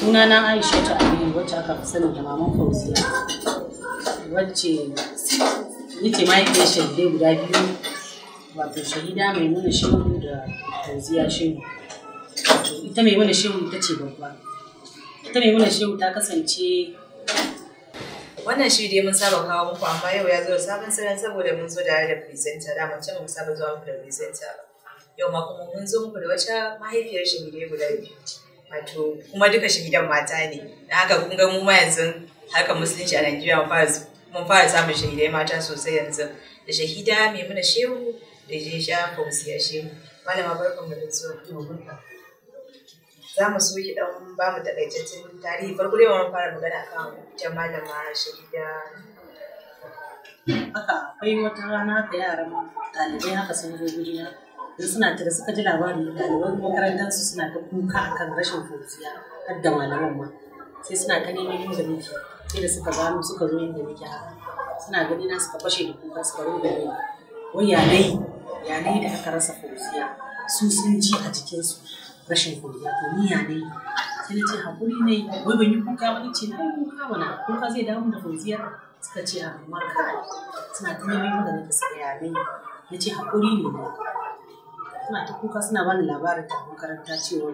sunana aisha ta aminu wacce aka fi sani da maman fauziya wacce nake mahaifiyar shahidai guda biyu wato shahida mai nuna shehu da fauziya shehu ita mai nuna shehu ta ce babba ita mai nuna shehu ta kasance wannan shi dai mun saba kawo muku amma yau ya zo sabon salon saboda mun zo da da presenter da mace mun saba zuwa muku da presenter yau ma kuma mun zo muku da wata mahaifiyar shahidai guda biyu wato kuma duka shi gidan mata ne da haka kun ga mu ma yanzu harkar musulunci a Najeriya mun fara samun shahidai mata sosai yanzu da shahida mai muna shehu da je sha fausiya shehu malama barkan mu da zuwa za mu so ki dan ba mu takaitaccen tarihi farko dai mun fara magana kan jama'a malama shahida haka akwai wata rana da yaran ɗalibai haka sun zo gurina da suna tare suka ji labarin ɗaliban makarantar su suna ta kuka akan rashin kurciya har da malaman ma sai suna ta neman da muke sai da suka mu suka zo da muke haka suna gani na suka fashe da kuka suka rubuta ni wai yanayi yanayi da aka rasa kurciya su sun ji a jikinsu rashin kurciya to ni yanayi sai na ce hakuri ne wai ban yi kuka ba ce na yi kuka mana kuka zai damu da kurciya suka ce a amma kai suna ta neman da muke suka yanayi na ce hakuri ne suna ta kuka suna bani labarin ta makaranta cewa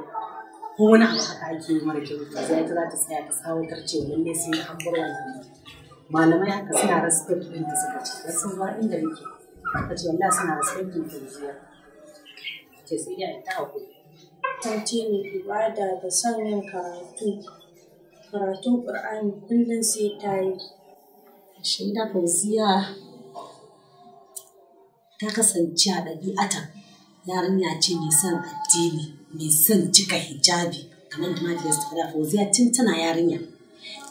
ko wani abu haka ake yi mara kyau to zai ta za ta tsaya ta tsawatar cewa lalle sun yi an bar wannan malamai haka suna respect din da suka ce sun ba inda nake ta ce wallahi suna respect din ta jiya ce sai ya ta hakuri ta ce ne ibada da son yin karatu karatun ƙur'ani kullum sai ta yi Shin da fauziya ta kasance a ɗabi'atan yarinya ce mai son addini mai son cika hijabi kamar da mafi yasta fara fauziya tun tana yarinya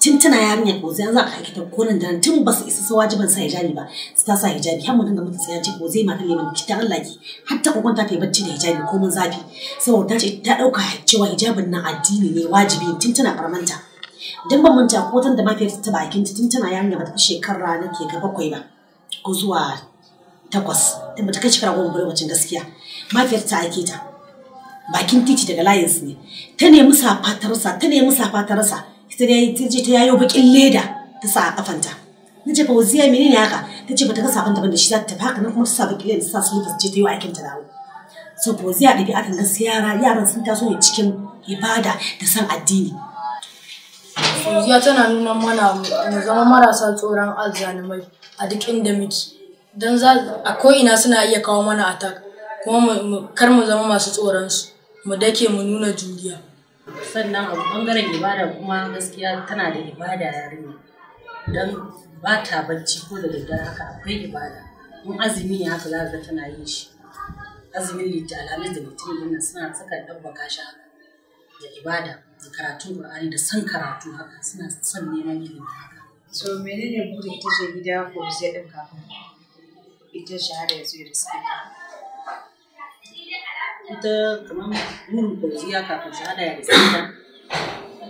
tun tana yarinya fauziya za ka haƙi ta koren da tun ba su isa sa wajiban sa hijabi ba su ta sa hijabi har mutum da mutum sai ya ce fauziya ma kan neman ta Allah ki har ta kwakwanta ta yi bacci da hijabi ko mun zafi saboda ta ce ta ɗauka cewa hijabin nan addini ne wajibi tun tana farmanta dan ban manta ko tan da mafiyar ta bakin tun tana yarinya ba ta shekara nake ga bakwai ba ko zuwa takwas da ba ta kai shekara goma ba lokacin gaskiya mafiyarta ake ta bakin titi daga layinsu ne ta nemi safa ta rasa ta nemi safa ta rasa ita ta je ta yayo bakin leda ta sa a kafanta na ce fa waziya ne haka ta ce bata kasa safan da shi za ta tafi haka nan kuma ta sa bakin leda ta sa su je ta yi wa aikin ta dawo so fa waziya da bi'atan gaskiya yara yaran sun taso ne cikin ibada da san addini Zuciya tana nuna mana mu zama marasa tsoron azzalumai a duk inda muke. Don za a ko'ina suna iya kawo mana attack kuma kar mu zama masu tsoronsu, mu dake mu nuna juriya sannan a bangaren ibada kuma gaskiya tana da ibada yarinya don ba ta bacci ko da daddare haka akwai ibada in azumi ne haka za tana yin shi azumin litti alhamis da litinin nan suna saka ɗabbaka shi haka da ibada da karatun qur'ani da son karatu haka suna son neman ilimi haka so menene burin ita ce gida ko sai din kafin ita shahara ya zo ya riske ita kamar burin kwanciya kafin shahada ya gaskata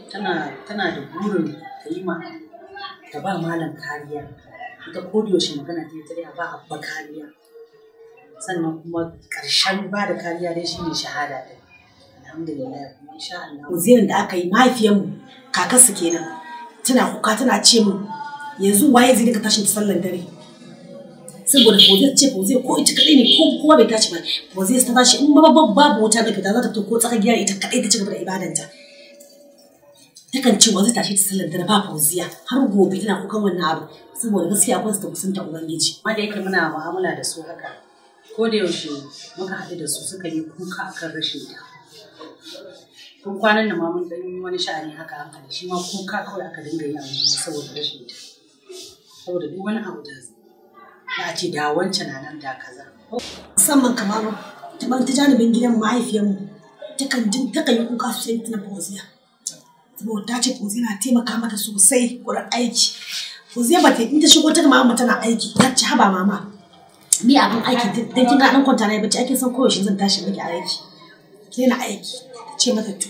tana tana da burin ta yi ma ta ba malam kariya ita ko da yaushe magana ta yi ta ba abba kariya sannan kuma karshen ba da kariya dai shine shahada ɗin alhamdulillah kuma insha da aka yi mahaifiyar kakar kakasu kenan tana kuka tana ce mu yanzu waye zai dinka tashin sallan dare saboda fozai ce zai ko ita kadai ne ko kowa bai tashi ba fozai ta tashi in babu babu wuta da fita za ta fito ko tsakar ita kadai ta cigaba da ibadanta takan ce zai tashi ta sallar da ba fauziya har gobe tana kukan wannan abu saboda gaskiya akwai ta kusanta ubangiji wanda yake muna mu'amala da su haka ko da yaushe muka haɗu da su suka yi kuka akan rashin ta kun kwanan da ma mun dan wani sha'ani haka hankali shi ma kuka kawai aka dinga yi a saboda rashin ta saboda duk wani abu da na ce da wancan na nan da kaza musamman kamar ta ta janibin gidan mahaifiyarmu kan jin kan yi kuka sosai tana fauziya saboda ta ce fauziya na taimaka mata sosai wurin aiki fauziya ba ta yi ta shigo ta mama tana aiki ta ci haba mama ni abin aiki ta kin ga dan kwanta na bacci ake son koyaushe zan tashi miki aiki ke na aiki ta ce mata to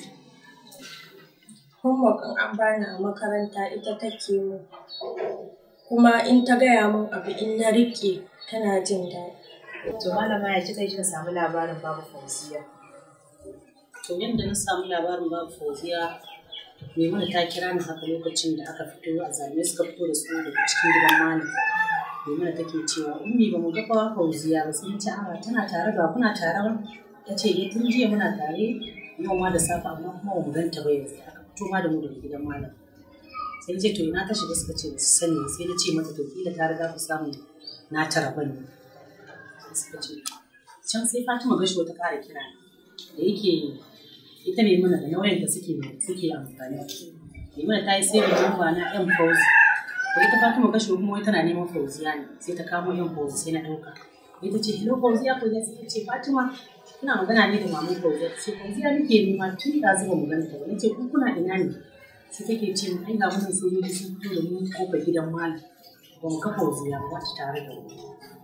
homework an bani a makaranta ita take mu kuma in ta gaya min abu in na riƙe tana jin daɗi. To malama ya kika kika samu labarin babu fauziya? To yadda na samu labarin babu fauziya Maimuna ta kira ni haka lokacin da aka fito a zane suka fito da su daga cikin gidan malam. Maimuna take cewa ummi ba mu ga fa fauziya ba sun ce a tana tare ba kuna tare ba ta ce eh tun jiya muna tare yau ma da safe amma kuma ba mu ganta ba yanzu aka fito ma da mu daga gidan malam. sai ce to ina ta shiga suka ce su sani sai na ce mata to kila ta riga ku samu na tara bane suka ce can sai Fatima gashi wata ƙara kira da yake ita ne mana da nauyin da suke suke amfani ne mana ta yi sai da jamba na yan fauzi ko ita Fatima gashi kuma wai tana neman ya ne sai ta kamo yan fauzi sai na ɗauka ita ce hello fauziya fauziya sai ce Fatima ina magana ne da mamun fauzi sai ya nake neman tun da zuba magana ta wani ce kuna ina ne sai take ce mu ai ga mun sojoji sun fito da mu kofar gidan malam ba mu kafa wuya ba ta tare da mu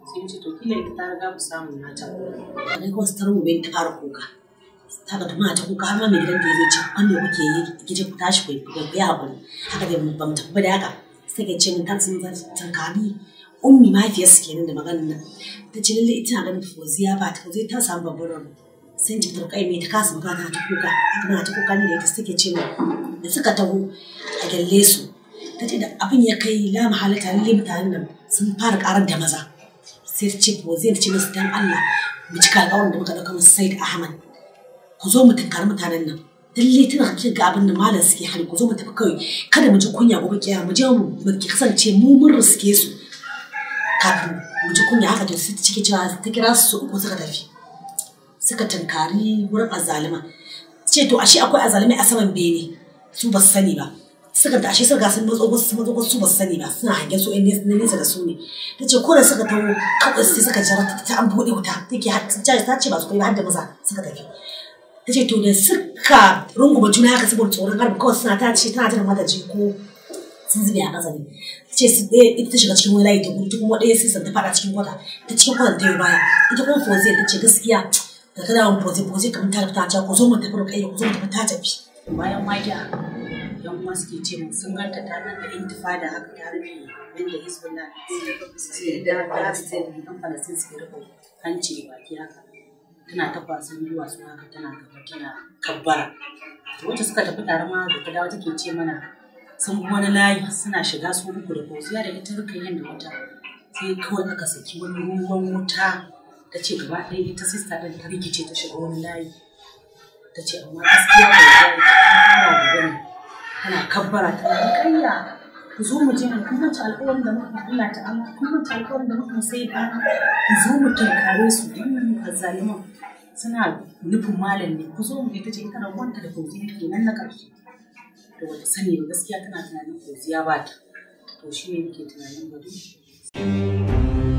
sai ce to kila ita ta riga mu samu nata a ne kawai sitar mu bai ƙara kuka ta ga tuma ta kuka har ma mai gidan da ya ce wanda kuke yi gidan ku tashi ku yi ya haƙuri haka dai ba mu tafi da haka sai ka ce mun kan sun tankari ummi mahaifiyarsu kenan da maganar nan ta ce lallai ita ganin fauziya ba ta zai ta samu babbar rabu sun ji turkai mai ta kasa ba ta kuka tana ta kuka ne da ita suke ce da suka taho a gyalle su ta ce da abin ya kai la mahala lalle mutanen nan sun fara karar da maza sai ta ce ko zai ce musu dan Allah mu ci kagawar da muka dauka musu Said Ahmad ku zo mu tunkari mutanen nan dalle tana kin ga abin da malam suke hali ku zo mu tafi kawai kada mu ji kunya ko kiya mu je mu kasance mu mun riske su kafin mu ji kunya haka to sai ta cike cewa ta kira su ko suka tafi suka tunkari wurin azalima ce to ashe akwai azzalimai a saman bene su ba su sani ba suka ashe suka sun matso su matso su ba su sani ba suna hange su in eh, nesa da su ne ta ce ko da suka taho kawai sai suka jira ta an buɗe wuta take ta ce ba su kai ba har da maza suka tafi ta ce to da suka runguma juna haka saboda tsoron harbi kawai suna ta ce tana tana mata ko sun zube a ƙasa ne ta ce su ɗaya eh, ita ta shiga cikin wani layi ta gudu kuma ɗaya sai ta faɗa cikin kwata ta cikin kwata ta yi baya ita kuma foziyar ta ce gaskiya da kana wani bozi bozi kamar ta ta ta ku zo mu tafi rukaiya ku zo mu tafi ta tafi bayan waƙiya yan uwa suke ce mu sun ganta ta nan da intifada haka ta rufe da hizbullah sai da palestine yan palestine suke rufe hanci da baki haka tana ta kwasan duwatsu haka tana gaba tana kabbara wata suka tafi tare ma da kada wata ke ce mana sun bi wani layi suna shiga su uku da kwanciya da ita rukaiyan da wata sai kawai aka saki wani ruwan wuta ta ce gaba ɗaya ita sista ɗin ta rikice ta shiga wani layi ta ce amma gaskiya ba ta yi ta da gani tana kabbara ta yi kayya ku zo mu je mu kun mace alƙawarin da muka Allah ta amma kun mace alƙawarin da muka sai da ku zo mu tunkare su wannan azzaliman suna nufin malam ne ku zo mu ita ce kana rabuwanta da fauziya ke nan na ƙarshe to wata sani ba gaskiya tana tunanin fauziya ba ta to shi ne nake tunanin ba duk